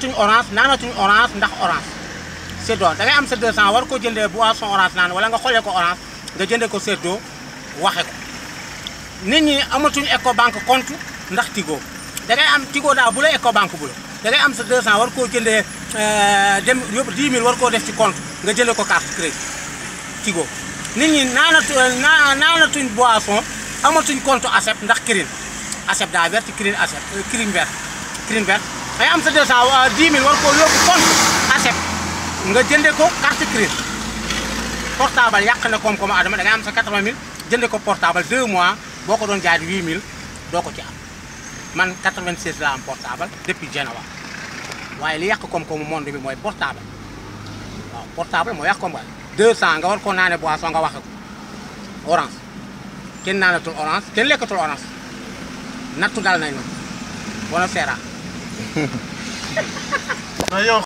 tuñ orange naanatuñ orange ndax orange seddo da ngay am sa 200 war ko jëndee boisson orange naan wala nga xoolee ko orange nga jëndee ko seddo waxe ko nit ñi amatuñ Ecobank compte ndax Tigo da ngay am Tigo daal bu la Ecobank bu la am sa 200 war koo jëndee euh, dem yóbbu 10 000 war koo def ci compte nga jëndee ko carte crédit Tigo nit ñi naanatu naanatuñ boisson amatuñ compte ACEP ndax kirin ACEP daa vert kirin ACEP euh, kirin vert kirin vert day am sa 200 10 000 war koo yóbbu compte ASEP nga jënde ko carte crédit portable yàq na koom-koomu adama da nga am sa ko portable 2 mois boo ko doon jaay 8 000 doo ko ci man 96 laa am portable depuis Genova waaye li yàq koom-koomu monde bi mooy portable waaw portable moo yàq koom-koom 200 nga war koo naanee boisson nga waxe ko orange kenn naanatul orange kenn lekkatul orange nattu dal nañu bona seera 哼哼，哎